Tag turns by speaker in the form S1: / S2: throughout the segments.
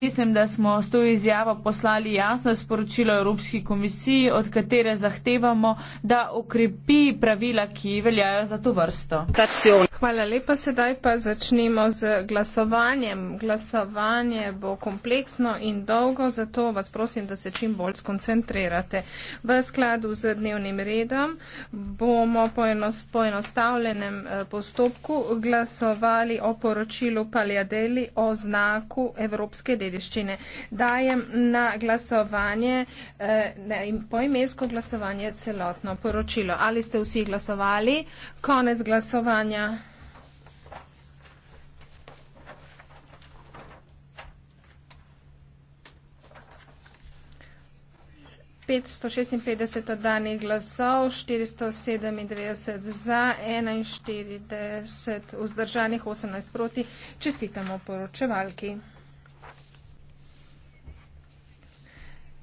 S1: Mislim, da smo s to izjavo poslali jasno sporočilo Evropski komisiji, od katere zahtevamo, da okrepi pravila, ki veljajo za to vrsto.
S2: Hvala lepa, sedaj pa začnemo z glasovanjem. Glasovanje bo kompleksno in dolgo, zato vas prosim, da se čim bolj skoncentrirate. V skladu z dnevnim redom bomo po enostavljenem eh, postopku glasovali o poročilu Paljadeli o znaku Evropske delitve dediščine. Dajem na glasovanje, eh, ne, poimensko glasovanje, celotno poročilo. Ali ste vsi glasovali? Konec glasovanja. petsto šestinpetdeset oddanih glasov, štiristo sedemindevetdeset za, enainštirideset vzdržanih, osemnajst proti. Čestitamo poročevalki.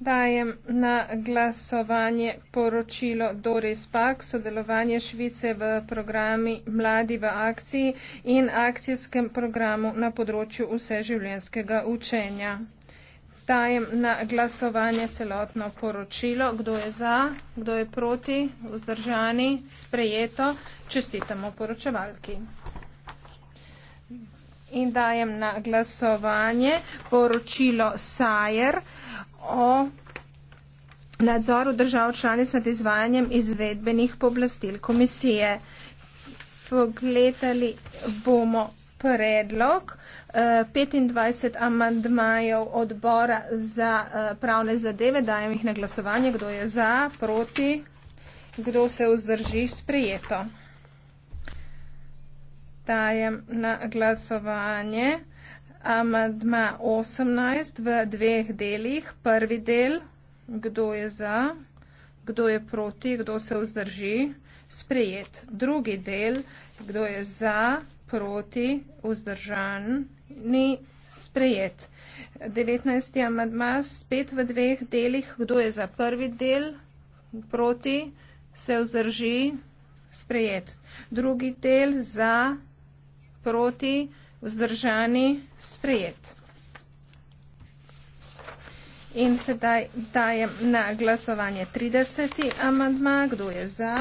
S2: Dajem na glasovanje poročilo Doris Pak, sodelovanje Švice v programi Mladi v akciji in akcijskem programu na področju vseživljenjskega učenja. Dajem na glasovanje celotno poročilo, kdo je za, kdo je proti, vzdržani, sprejeto, čestitamo poročevalki. In dajem na glasovanje poročilo Sajer, o nadzoru držav članic nad izvajanjem izvedbenih poblastil komisije. Pogledali bomo predlog 25 eh, amandmajev odbora za eh, pravne zadeve, dajem jih na glasovanje, kdo je za, proti, kdo se vzdrži, sprejeto. Dajem na glasovanje. Amadma 18 v dveh delih. Prvi del, kdo je za, kdo je proti, kdo se vzdrži, sprejet. Drugi del, kdo je za, proti, vzdržan, ni sprejet. 19. amadma spet v dveh delih, kdo je za prvi del, proti, se vzdrži, sprejet. Drugi del, za, proti, vzdržan vzdržani, sprejet. In sedaj dajem na glasovanje 30. amandma. Kdo je za?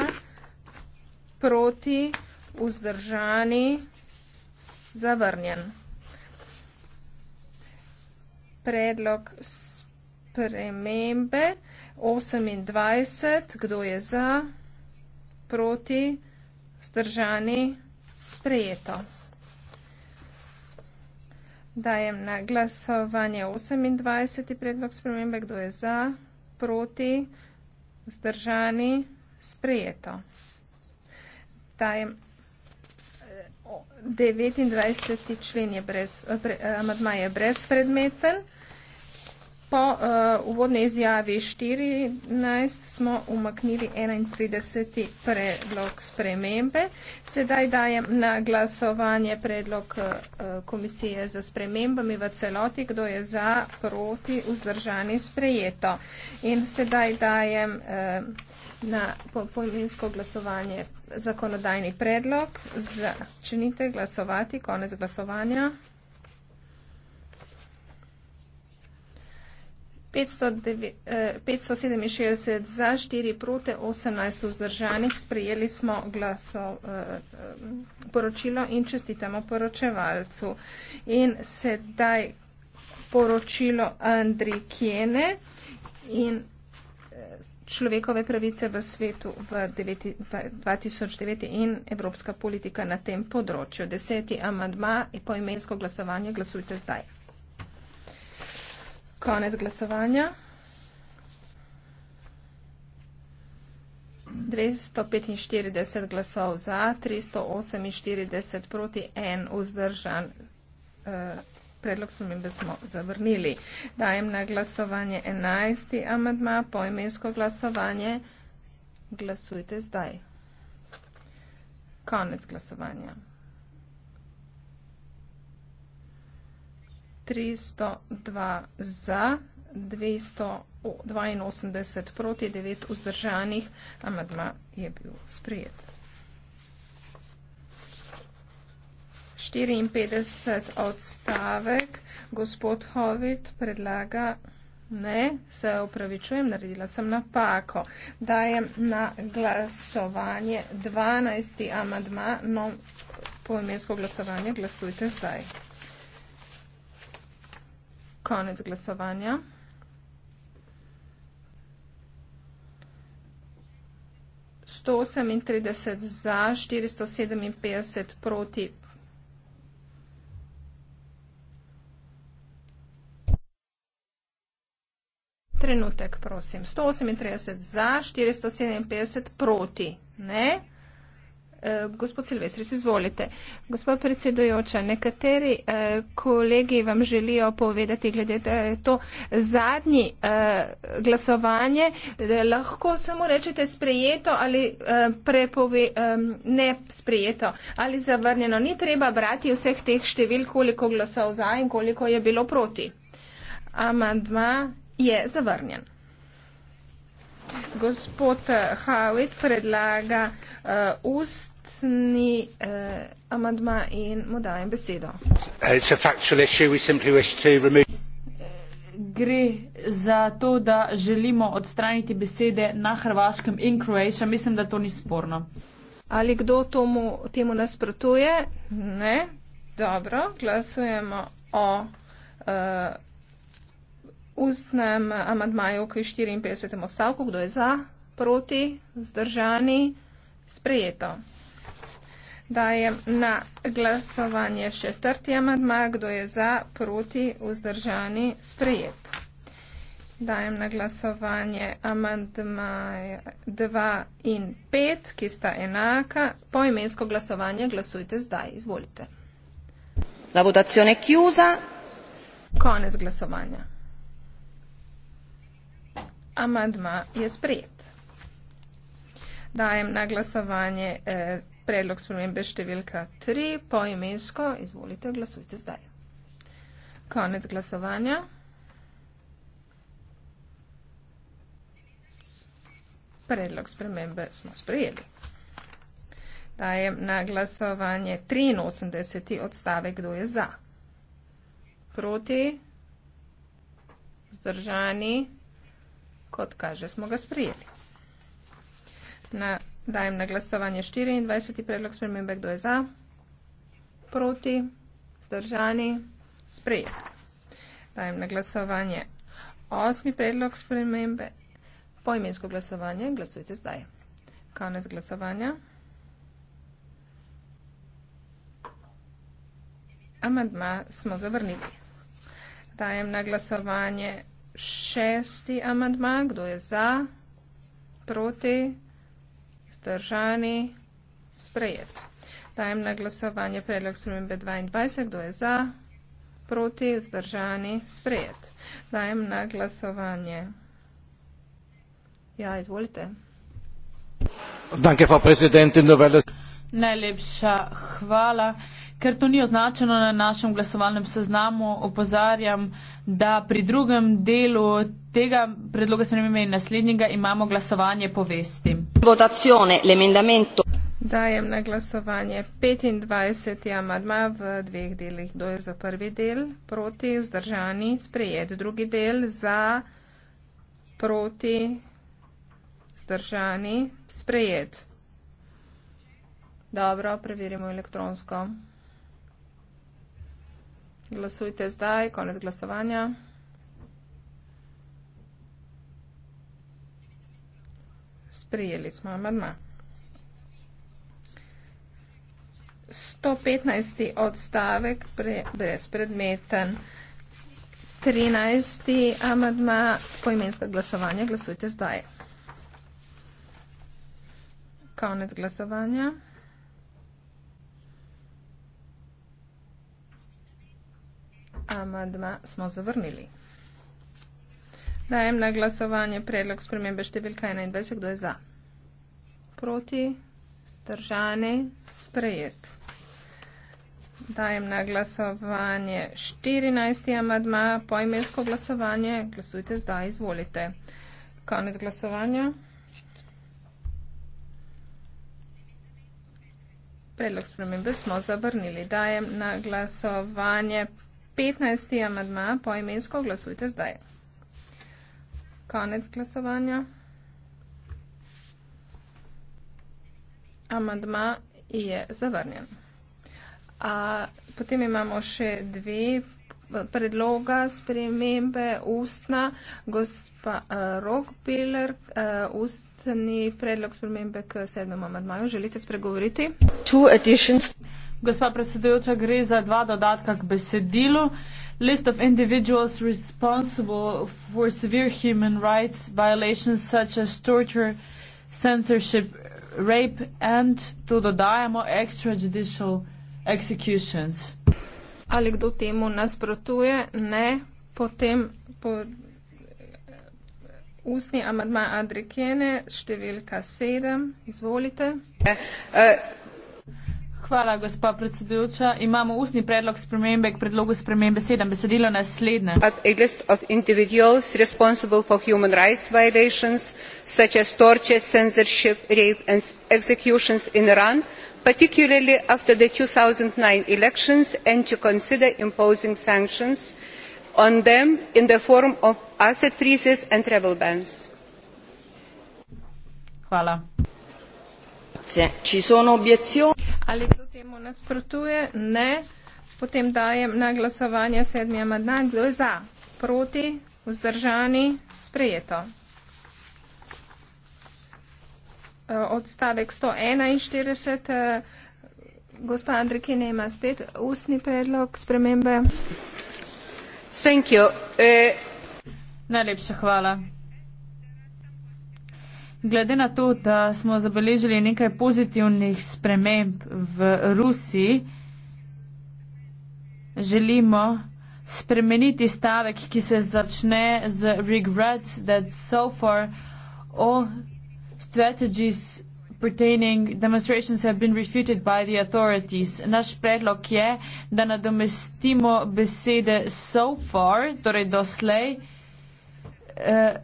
S2: Proti, vzdržani, zavrnjen. Predlog spremembe 28. Kdo je za? Proti, vzdržani, sprejeto. Dajem na glasovanje 28. predlog spremembe. Kdo je za, proti, vzdržani, sprejeto. Dajem 29. Eh, člen je brez, eh, pre, eh, amadma je brezpredmeten po uh, uvodni izjavi 14 smo umaknili 31. predlog spremembe. Sedaj dajem na glasovanje predlog uh, komisije za spremembami v celoti, kdo je za, proti, vzdržani, sprejeto. In sedaj dajem uh, na pojminsko glasovanje zakonodajni predlog. Za, činite glasovati, konec glasovanja. 567 eh, za, 4 proti, 18 vzdržanih. Sprejeli smo glaso eh, poročilo in čestitamo poročevalcu. In sedaj poročilo Andri Kjene in eh, človekove pravice v svetu v 2009 in evropska politika na tem področju. Deseti amadma in poimensko glasovanje glasujte zdaj konec glasovanja. 245 glasov za, 348 proti, en vzdržan eh, predlog spremembe smo zavrnili. Dajem na glasovanje 11. amedma, poimensko glasovanje. Glasujte zdaj. Konec glasovanja. 302 za, 282 proti, 9 vzdržanih. Amadma je bil sprejet. 54 odstavek. Gospod Hovit predlaga. Ne, se opravičujem, naredila sem napako. Dajem na glasovanje 12. amadma. No, poimensko glasovanje glasujte zdaj konec glasovanja. Sto osemintrideset za, štiristo sedeminpetdeset proti. Trenutek, prosim. Sto osemintrideset za, štiristo sedeminpetdeset proti. Ne? Eh, gospod Silvestris, izvolite. Gospod predsedujoča, nekateri eh, kolegi vam želijo povedati, glede to zadnji eh, glasovanje, lahko samo rečete sprejeto ali prepove, ne sprejeto ali zavrnjeno. Ni treba brati vseh teh števil, koliko glasov za in koliko je bilo proti. Amandma je zavrnjen. Gospod Hawit predlaga uh, ust ustni eh, amadma
S1: in mu dajem besedo. Gre za to, da želimo odstraniti besede na hrvaškem in kroatskem. Mislim, da to ni sporno. Ali kdo tomu, temu nasprotuje?
S2: Ne. Dobro, glasujemo o uh, ustnem amadmaju k 54. stavku. Kdo je za? Proti? Zdržani? Sprejeto dajem na glasovanje četrti amadma. Kdo je za, proti, vzdržani, sprejet. Dajem na glasovanje amadma 2 in 5, ki sta enaka. Po imensko glasovanje glasujte zdaj. Izvolite. La votazione chiusa. Konec glasovanja. Amadma je sprejet. Dajem na glasovanje eh, predlog spremembe številka 3 poimensko. Izvolite, glasujte zdaj. Konec glasovanja. Predlog spremembe smo sprejeli. Dajem na glasovanje 83. odstavek, kdo je za. Proti, zdržani, kot kaže, smo ga sprejeli. Na Dajem na glasovanje 24. predlog spremembe. Kdo je za? Proti? Zdržani? Sprejet. Dajem na glasovanje 8. predlog spremembe. Poimensko glasovanje. Glasujte zdaj. Konec glasovanja. Amandma smo zavrnili. Dajem na glasovanje 6. amandma. Kdo je za? Proti? Zdržani? vzdržani, sprejet. Dajem na glasovanje predlog spremembe 22. Kdo je za? Proti, vzdržani, sprejet. Dajem na glasovanje. Ja, izvolite. Danke,
S1: Najlepša hvala. Ker to ni označeno na našem glasovalnem seznamu, opozarjam, da pri drugem delu tega predloga spremembe in naslednjega imamo glasovanje povesti.
S2: Dajem na glasovanje 25. amadma v dveh delih. Kdo je za prvi del? Proti, vzdržani, sprejet. Drugi del za, proti, vzdržani, sprejet. Dobro, preverimo elektronsko. Glasujte zdaj, konec glasovanja. Sprijeli smo amadma. 115. odstavek pre, brezpredmeten. 13. amadma poimenska glasovanja. Glasujte zdaj. Konec glasovanja. Amandma smo zavrnili. Dajem na glasovanje predlog spremembe številka 21. Kdo je za? Proti? Zdržani? Sprejet. Dajem na glasovanje 14. amadma, poimensko glasovanje. Glasujte zdaj, izvolite. Konec glasovanja. Predlog spremembe smo zavrnili. Dajem na glasovanje 15. 15. amadma po imensko glasujte zdaj. Konec glasovanja. Amadma je zavrnjen. A, potem imamo še dve eh, predloga spremembe ustna. Gospa eh, Rogbiller, eh, ustni
S1: predlog spremembe k sedmemu amadmaju. Želite spregovoriti? Two additions. Gospa predsedujoča, gre za dva dodatka k besedilu. List of individuals responsible for severe human rights violations such as torture, censorship, rape and, to dodajamo, extrajudicial executions. Ali kdo temu nasprotuje? Ne. Potem
S2: po eh, ustni amadma Adrikene, številka
S1: 7. Izvolite. Uh, Hvala, gospa predsedujoča. Imamo ustni predlog spremembe k predlogu spremembe 7. Besedilo naslednje.
S2: particularly after the 2009 elections and to consider imposing sanctions on them in the form of asset freezes and travel bans.
S1: Hvala. Ci sono
S2: obiezioni? Ali kdo temu nasprotuje? Ne. Potem dajem na glasovanje sedmi amadna. Kdo je za? Proti? Vzdržani? Sprejeto. E, odstavek 141. E, gospa Andrikina ima spet ustni predlog spremembe. Thank you. Uh...
S1: Najlepša hvala. Glede na to, da smo zabeležili nekaj pozitivnih sprememb v Rusiji, želimo spremeniti stavek, ki se začne z regrets that so far all strategies pertaining demonstrations have been refuted by the authorities. Naš predlog je, da nadomestimo besede so far, torej doslej, uh,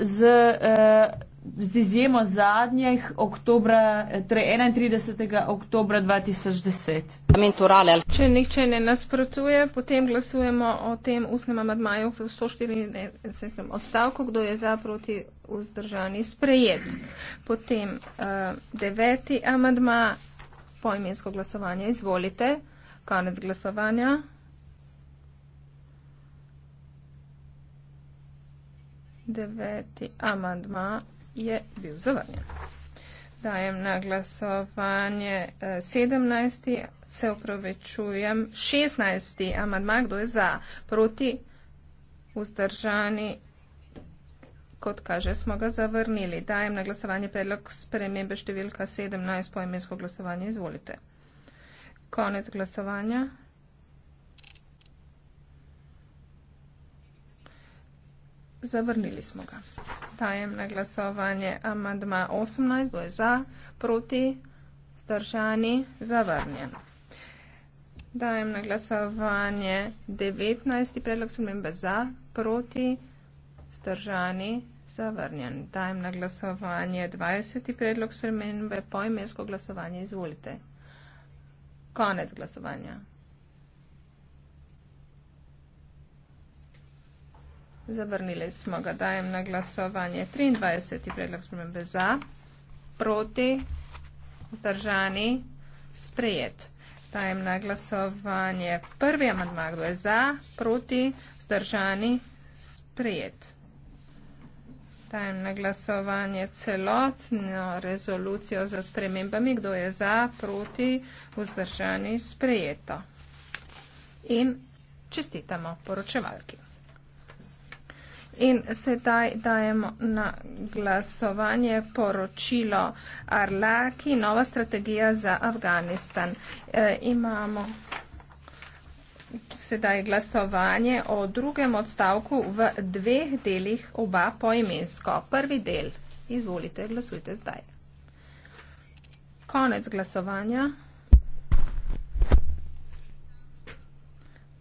S1: z uh, z izjemo zadnjih oktobra, eh, torej 31. oktobra 2010.
S2: Če nihče ne nasprotuje, potem glasujemo o tem usnem amadmaju v 114. odstavku, kdo je za proti vzdržani sprejet. Potem uh, deveti amadma, poimensko glasovanje, izvolite, konec glasovanja. Deveti amandma je bil zavrnjen. Dajem na glasovanje 17. Eh, se upravičujem. 16. Amadma, kdo je za? Proti? Vzdržani? Kot kaže, smo ga zavrnili. Dajem na glasovanje predlog spremembe številka 17 poemensko glasovanje. Izvolite. Konec glasovanja. Zavrnili smo ga. Dajem na glasovanje amandma 18, kdo je za, proti, stržani, zavrnjen. Dajem na glasovanje 19, predlog spremembe za, proti, stržani, zavrnjen. Dajem na glasovanje 20, predlog spremembe poimensko glasovanje, izvolite. Konec glasovanja. Zavrnili smo ga. Dajem na glasovanje 23. predlog spremembe za, proti, vzdržani, sprejet. Dajem na glasovanje prvi amandma, kdo je za, proti, vzdržani, sprejet. Dajem na glasovanje celotno rezolucijo za spremembami, kdo je za, proti, vzdržani, sprejeto. In čestitamo poročevalki. In sedaj dajemo na glasovanje poročilo Arlaki, nova strategija za Afganistan. E, imamo sedaj glasovanje o drugem odstavku v dveh delih, oba poimensko. Prvi del. Izvolite, glasujte zdaj. Konec glasovanja.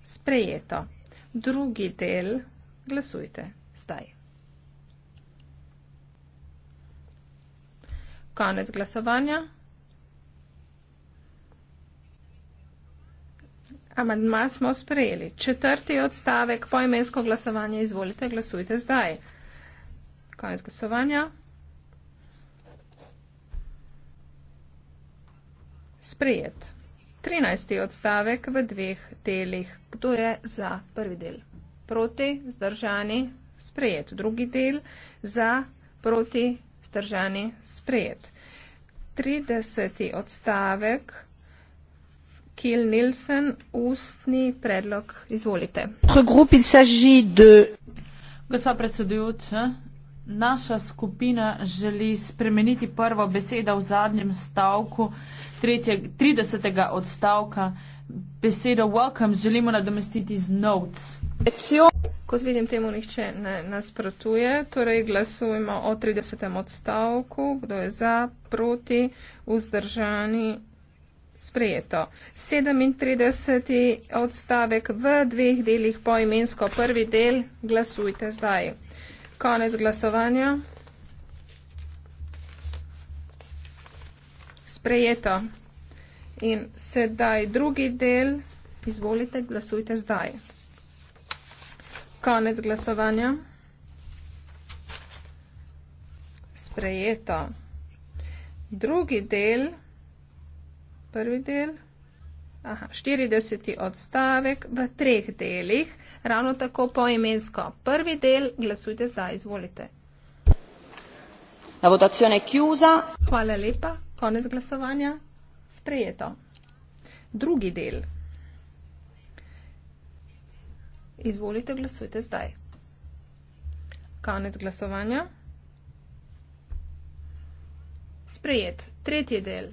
S2: Sprejeto. Drugi del. Glasujte zdaj. Konec glasovanja. Amandma smo sprejeli. Četrti odstavek, poimensko glasovanje, izvolite, glasujte zdaj. Konec glasovanja. Sprejet. Trinajsti odstavek v dveh delih. Kdo je za prvi del? Proti, zdržani, sprejet, drugi del za proti stržani sprejet. 30. odstavek Kiel
S1: Nielsen, ustni predlog, izvolite. Gospa predsedujoča, naša skupina želi spremeniti prvo besedo v zadnjem stavku 30. odstavka. Besedo welcome želimo nadomestiti z notes.
S2: It's your Kot vidim, temu nihče ne nasprotuje. Torej glasujemo o 30. odstavku. Kdo je za, proti, vzdržani? Sprejeto. 37. odstavek v dveh delih poimensko prvi del. Glasujte zdaj. Konec glasovanja. Sprejeto. In sedaj drugi del. Izvolite, glasujte zdaj. Konec glasovanja. Sprejeto. Drugi del, prvi del, aha, 40. odstavek v treh delih, ravno tako poimensko. Prvi del, glasujte zdaj, izvolite.
S1: La votazione è chiusa.
S2: Hvala lepa. Konec glasovanja. Sprejeto. Drugi del. Izvolite, glasujte zdaj. Konec glasovanja. Sprejet. Tretji del.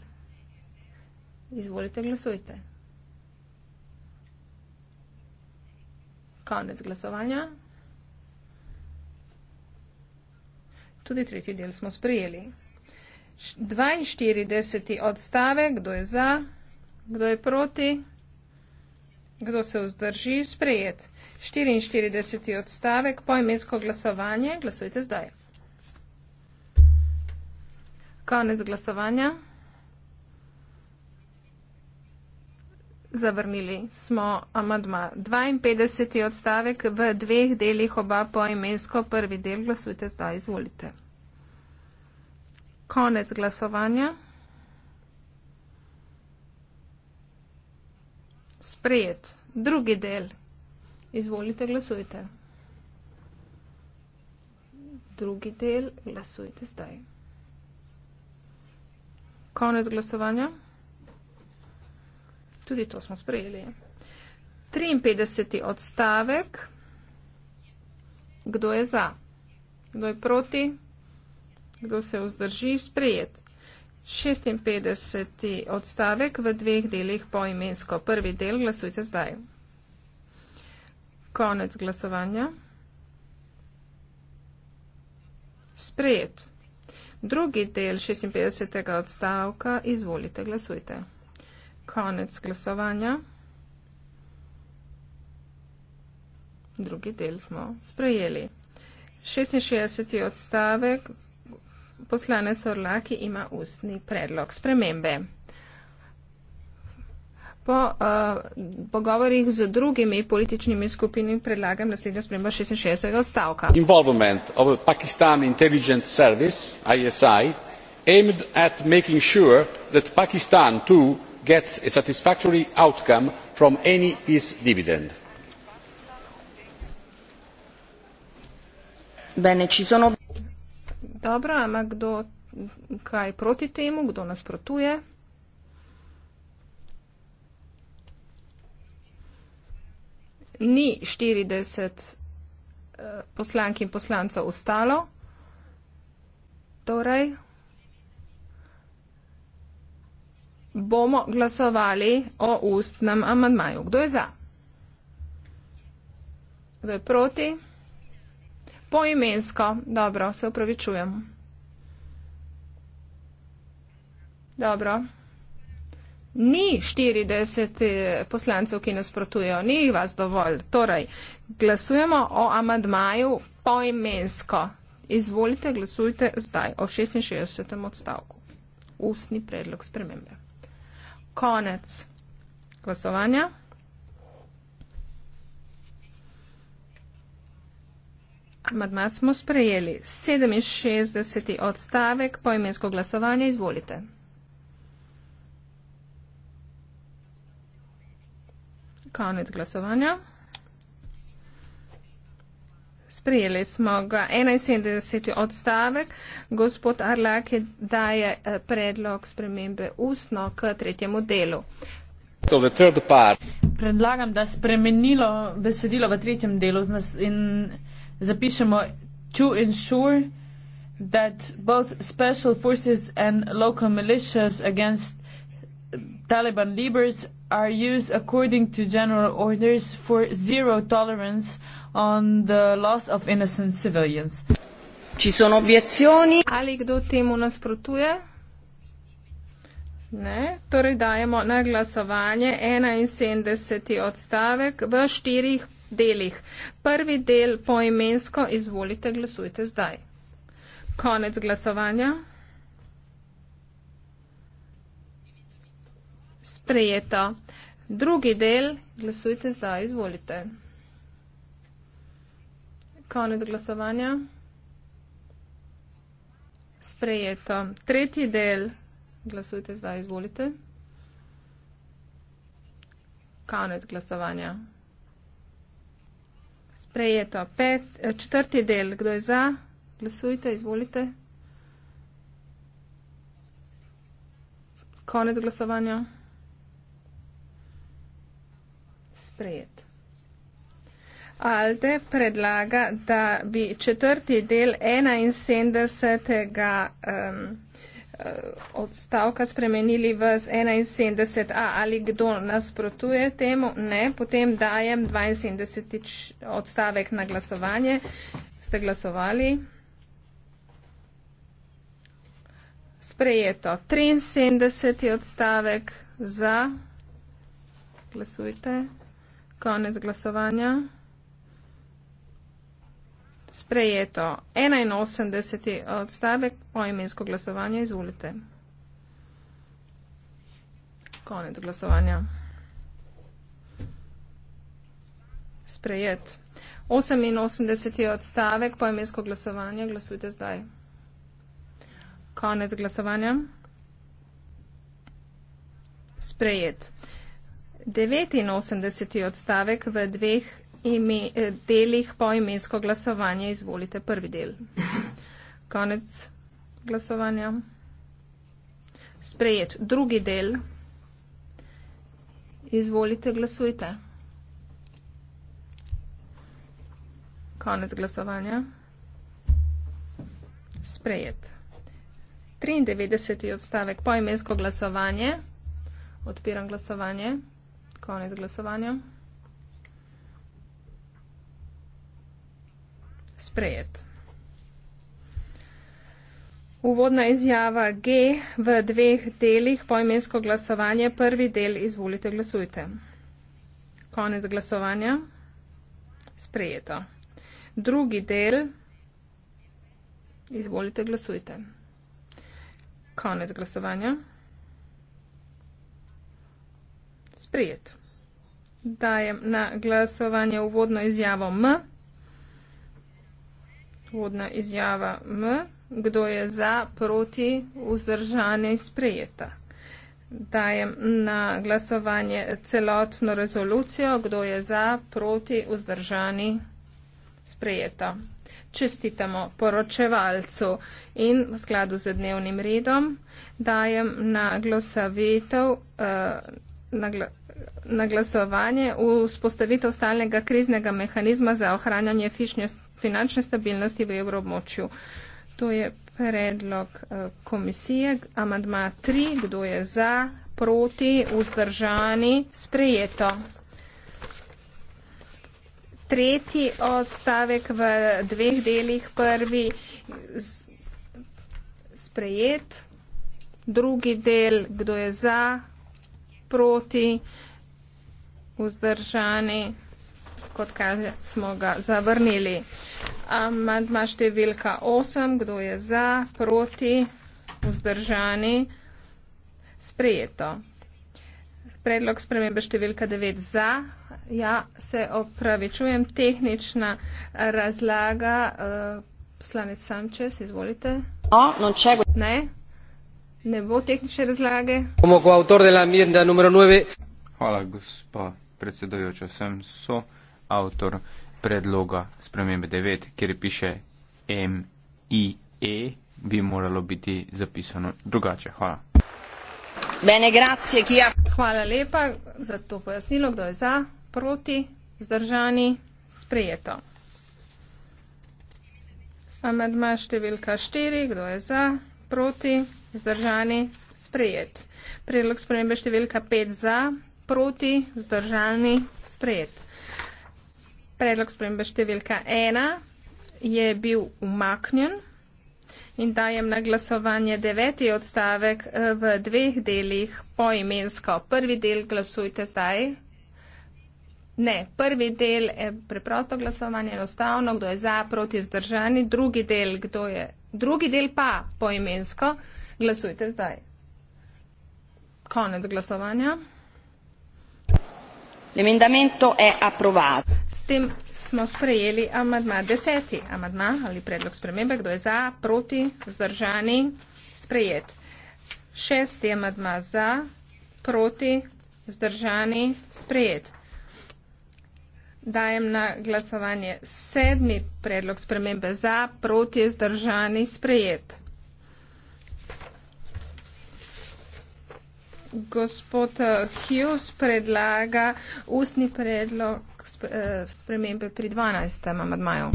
S2: Izvolite, glasujte. Konec glasovanja. Tudi tretji del smo sprejeli. 42. odstavek. Kdo je za? Kdo je proti? Kdo je proti? Kdo se vzdrži, sprejet. 44. odstavek, poimensko glasovanje, glasujte zdaj. Konec glasovanja. Zavrnili smo amadma. 52. odstavek v dveh delih oba poimensko, prvi del glasujte zdaj, izvolite. Konec glasovanja. Sprejet. Drugi del. Izvolite, glasujte. Drugi del, glasujte zdaj. Konec glasovanja. Tudi to smo sprejeli. 53. odstavek. Kdo je za? Kdo je proti? Kdo se vzdrži? Sprejet. 56. odstavek v dveh delih poimensko. Prvi del glasujte zdaj. Konec glasovanja. Sprejet. Drugi del 56. odstavka izvolite glasujte. Konec glasovanja. Drugi del smo sprejeli. 66. odstavek poslanec Orlaki ima ustni predlog spremembe. Po uh, pogovorih z drugimi političnimi skupinami predlagam naslednjo spremembo 66.
S1: stavka. gets a satisfactory outcome from any peace dividend. Bene, ci sono
S2: dobro, ampak kdo kaj proti temu, kdo nasprotuje? Ni 40 eh, poslank in poslancev ostalo. Torej, bomo glasovali o ustnem amandmaju. Kdo je za? Kdo je proti? Poimensko, dobro, se upravičujem. Dobro. Ni 40 eh, poslancev, ki nasprotujejo, ni jih vas dovolj. Torej, glasujemo o amadmaju poimensko. Izvolite, glasujte zdaj o 66. odstavku. Ustni predlog spremembe. Konec glasovanja. Amadma smo sprejeli. 67. odstavek, poimensko glasovanje, izvolite. Konec glasovanja. Sprejeli smo ga 71. odstavek. Gospod Arlak je daje eh, predlog spremembe ustno k tretjemu delu.
S1: Predlagam, da spremenilo besedilo v tretjem delu in zapišemo to ensure that both special forces and local militias against Taliban leaders are used according to general orders for zero tolerance on the loss of innocent civilians. Ci sono obiezioni? Ali kdo temu nasprotuje?
S2: Ne, torej dajemo na glasovanje 71. odstavek v štirih delih. Prvi del poimensko izvolite, glasujte zdaj. Konec glasovanja. Sprejeto. Drugi del, glasujte zdaj, izvolite. Konec glasovanja. Sprejeto. Tretji del, glasujte zdaj, izvolite. Konec glasovanja. Sprejeto. Pet, eh, četrti del. Kdo je za? Glasujte, izvolite. Konec glasovanja. Sprejet. Alde predlaga, da bi četrti del 71. Um, Eh, odstavka spremenili v 71a. Ali kdo nasprotuje temu? Ne. Potem dajem 72. odstavek na glasovanje. Ste glasovali? Sprejeto. 73. odstavek za. Glasujte. Konec glasovanja sprejeto. 81. odstavek poimensko glasovanje. Izvolite. Konec glasovanja. Sprejet. 88. odstavek poimensko glasovanje. Glasujte zdaj. Konec glasovanja. Sprejet. 89. odstavek v dveh ime, eh, delih poimensko glasovanje izvolite prvi del. Konec glasovanja. Sprejet drugi del. Izvolite, glasujte. Konec glasovanja. Sprejet. 93. odstavek poimensko glasovanje. Odpiram glasovanje. Konec glasovanja. sprejet. Uvodna izjava G v dveh delih poimensko glasovanje. Prvi del izvolite, glasujte. Konec glasovanja. Sprejeto. Drugi del. Izvolite, glasujte. Konec glasovanja. Sprejet. Dajem na glasovanje uvodno izjavo M. Vodna izjava M, kdo je za, proti, vzdržane in sprejeta. Dajem na glasovanje celotno rezolucijo, kdo je za, proti, vzdržani, sprejeta. Čestitamo poročevalcu in v skladu z dnevnim redom dajem na glasovetov. Uh, eh, na glasovanje v spostavitev stalnega kriznega mehanizma za ohranjanje finančne stabilnosti v evroobmočju. To je predlog eh, komisije, amadma 3, kdo je za, proti, vzdržani, sprejeto. Tretji odstavek v dveh delih, prvi sprejet, drugi del, kdo je za, proti, vzdržani, kot kaže, smo ga zavrnili. Amandma številka 8, kdo je za, proti, vzdržani, sprejeto. Predlog spremembe številka 9 za. Ja, se opravičujem, tehnična razlaga. Eh, poslanec Sanchez, izvolite.
S1: No, non c'è. Ne?
S2: ne bo tehnične razlage.
S1: Bomo kot avtor dela mirnega numero 9. Hvala, gospa predsedojoča. Sem so avtor predloga spremembe 9, kjer piše M-I-E, bi moralo biti zapisano drugače. Hvala.
S2: Bene, grazie, kia. Hvala lepa za to pojasnilo, kdo je za, proti, zdržani, sprejeto. Amedma številka 4, kdo je za, proti vzdržani, sprejet. Predlog spremembe številka 5 za, proti, vzdržani, sprejet. Predlog spremembe številka 1 je bil umaknjen in dajem na glasovanje deveti odstavek eh, v dveh delih poimensko. Prvi del glasujte zdaj. Ne, prvi del je preprosto glasovanje, enostavno, kdo je za, proti, vzdržani, drugi del, kdo je, drugi del pa poimensko. imensko. Glasujte zdaj. Konec glasovanja. Emendamento je aprovado. S tem smo sprejeli amadma deseti. Amadma ali predlog spremembe, kdo je za, proti, zdržani, sprejet. Šesti amadma za, proti, zdržani, sprejet. Dajem na glasovanje sedmi predlog spremembe za, proti, zdržani, sprejet. gospod eh, Hughes predlaga ustni predlog eh, spremembe pri 12. amadmaju.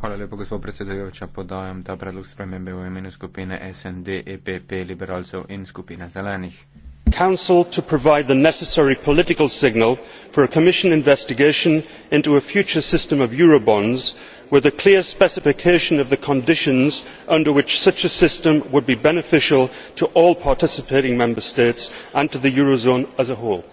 S1: Hvala lepo, gospod predsedujoča. Podajam ta predlog spremembe v imenu skupine SND, EPP, liberalcev in skupine zelenih council to provide the necessary political signal for a commission investigation into a future system of eurobonds with a clear
S2: specification of the conditions under which such a system would be beneficial to all
S1: participating member states and to the eurozone as a whole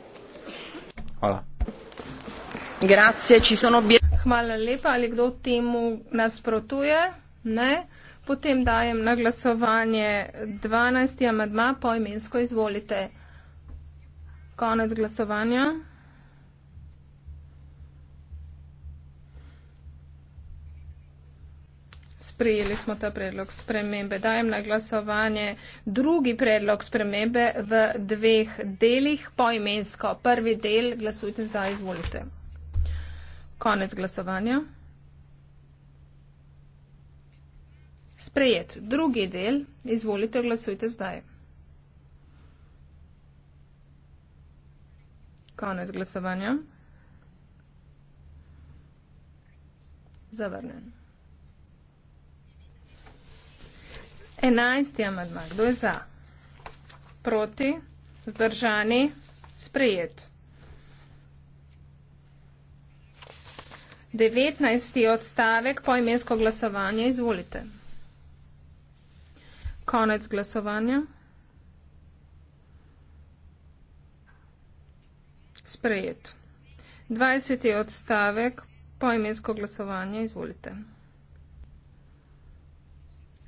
S2: konec glasovanja. Sprijeli smo ta predlog spremembe. Dajem na glasovanje drugi predlog spremembe v dveh delih poimensko. Prvi del glasujte zdaj, izvolite. Konec glasovanja. Sprejet drugi del, izvolite, glasujte zdaj. Konec glasovanja. Zavrnen. Enajsti amadma. Kdo je za? Proti? Zdržani? Sprejet. Devetnajsti odstavek po imensko glasovanje. Izvolite. Konec glasovanja. Konec glasovanja. sprejet. 20. odstavek poimensko glasovanje, izvolite.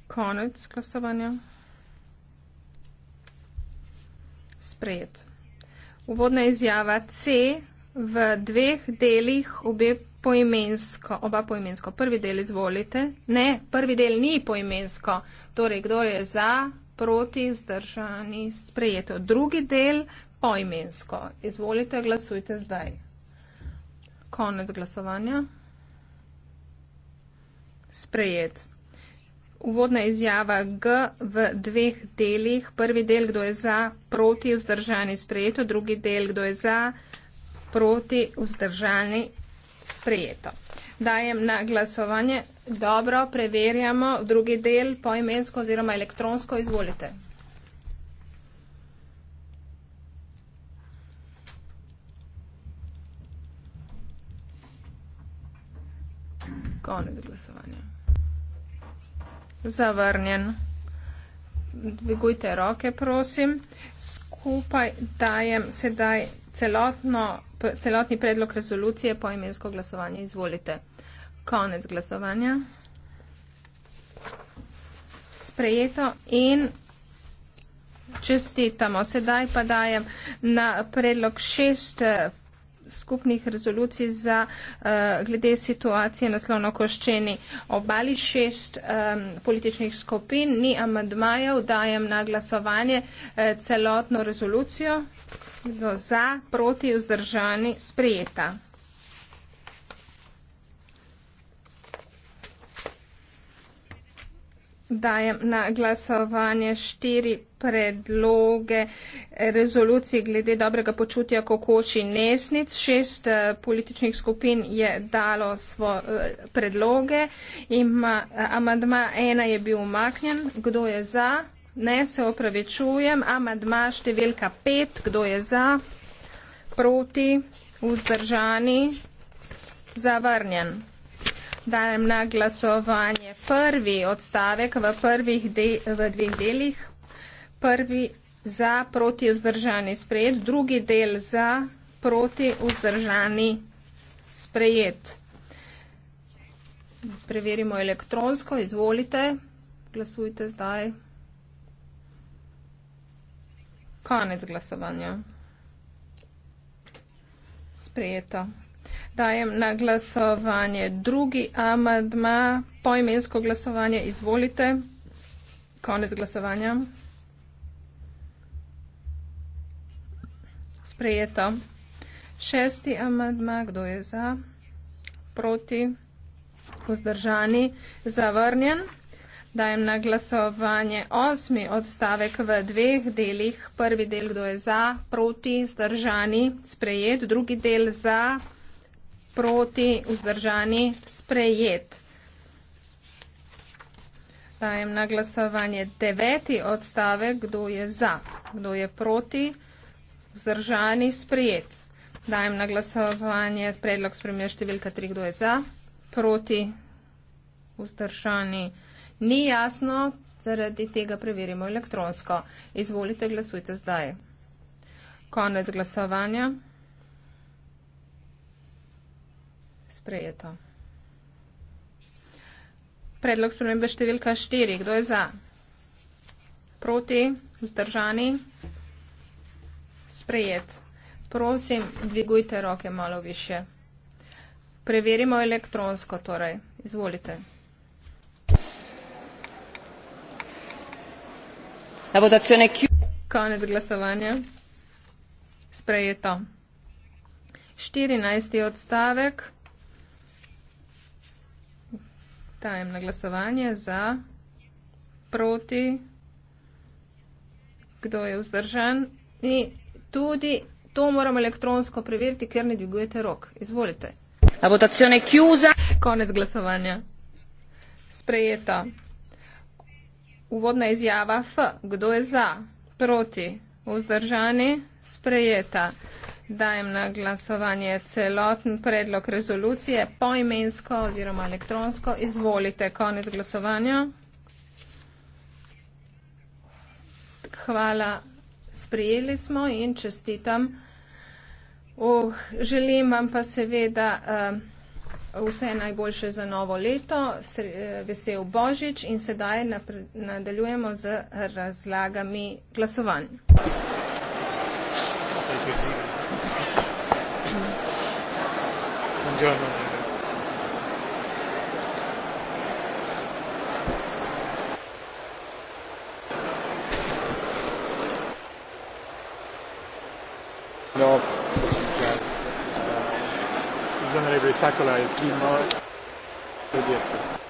S2: Konec glasovanja. Sprejet. Uvodna izjava C v dveh delih obe poimensko, oba poimensko. Prvi del izvolite. Ne, prvi del ni poimensko. Torej, kdo je za, proti, vzdržani, sprejeto. Drugi del poimensko. Izvolite, glasujte zdaj. Konec glasovanja. Sprejet. Uvodna izjava G v dveh delih. Prvi del, kdo je za, proti, vzdržani, sprejeto. Drugi del, kdo je za, proti, vzdržani, sprejeto. Dajem na glasovanje. Dobro, preverjamo. Drugi del, poimensko oziroma elektronsko, izvolite. Konec glasovanja. Zavrnjen. Dvigujte roke, prosim. Skupaj dajem sedaj celotno, celotni predlog rezolucije po imensko glasovanje. Izvolite. Konec glasovanja. Sprejeto in čestitamo. Sedaj pa dajem na predlog šest skupnih rezolucij za uh, glede situacije na slonokoščeni obali. Šest um, političnih skupin ni amadmajev, dajem na glasovanje uh, celotno rezolucijo do za, proti, vzdržani, sprejeta. Dajem na glasovanje štiri predloge rezolucij glede dobrega počutja kokoši nesnic. Šest eh, političnih skupin je dalo svoje eh, predloge in eh, amadma ena je bil umaknjen. Kdo je za? Ne, se opravičujem. Amadma številka pet, kdo je za? Proti, vzdržani, zavrnjen. Dajem na glasovanje prvi odstavek v, prvih de, v dveh delih prvi za proti vzdržani sprejet, drugi del za proti vzdržani sprejet. Preverimo elektronsko, izvolite, glasujte zdaj. Konec glasovanja. Sprejeto. Dajem na glasovanje drugi amadma, poimensko glasovanje, izvolite. Konec glasovanja. sprejeto. Šesti amadma, kdo je za, proti, vzdržani, zavrnjen. Dajem na glasovanje osmi odstavek v dveh delih. Prvi del, kdo je za, proti, vzdržani, sprejet. Drugi del za, proti, vzdržani, sprejet. Dajem na glasovanje deveti odstavek, kdo je za, kdo je proti vzdržani, sprejet. Dajem na glasovanje predlog spremlja številka 3, kdo je za, proti, vzdržani. Ni jasno, zaradi tega preverimo elektronsko. Izvolite, glasujte zdaj. Konec glasovanja. Sprejeto. Predlog spremembe številka 4. Kdo je za? Proti? Vzdržani? sprejet. Prosim, dvigujte roke malo više. Preverimo elektronsko torej. Izvolite. Konec glasovanja. Sprejeto. 14. odstavek. Dajem na glasovanje za proti. Kdo je vzdržan? In Tudi to moramo elektronsko preveriti, ker ne dvigujete rok. Izvolite.
S1: La votazione chiusa.
S2: Konec glasovanja. Sprejeto. Uvodna izjava F. Kdo je za? Proti? Vzdržani? Sprejeta. Dajem na glasovanje celoten predlog rezolucije poimensko oziroma elektronsko. Izvolite. Konec glasovanja. Hvala sprejeli smo in čestitam. Oh, želim vam pa seveda uh, vse najboljše za novo leto, Sre, eh, vesel Božič in sedaj napre, nadaljujemo z razlagami glasovanj.
S1: Buongiorno. No, bisognerebbe attaccare il primo. Sì, sì.